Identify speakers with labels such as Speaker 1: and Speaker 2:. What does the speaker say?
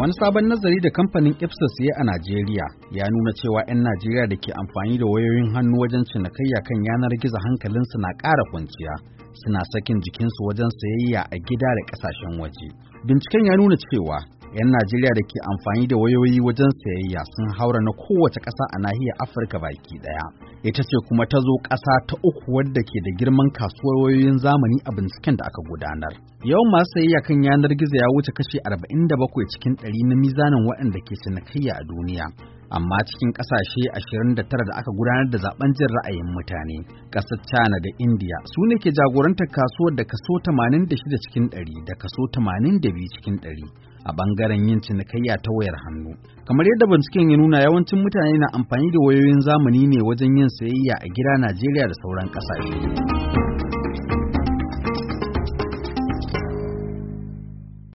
Speaker 1: wani sabon nazari da kamfanin Ipsos ya a Najeriya ya nuna cewa 'yan Najeriya da ke amfani da wayoyin hannu wajen cinikayya kan yanar gizo su na ƙara kwanciya suna sakin jikinsu wajen sayayya a gida da ƙasashen waje. Binciken ya nuna cewa 'yan Najeriya da ke amfani da wayoyi wajen sayayya sun haura na kowace ƙasa a nahiyar Afirka baki ɗaya. Ita ce kuma ta zo ƙasa ta uku wadda ke da girman kasuwar wayoyin zamani a binciken da aka gudanar. Yawan masu sayayya kan yanar gizo ya wuce kashi bakwai cikin ɗari na mizanin waɗanda ke cinikayya a duniya. amma cikin ƙasashe ashirin da tara da aka gudanar da zaben jin ra'ayin mutane ƙasar china da india su ne ke jagorantar kasuwar da kaso 86 cikin 100 da kaso 82 cikin ɗari. a bangaren yin cinikayya ta wayar hannu. Kamar yadda binciken ya nuna yawancin mutane na amfani da wayoyin zamani ne wajen yin sayayya a gida Najeriya da sauran
Speaker 2: ƙasashe.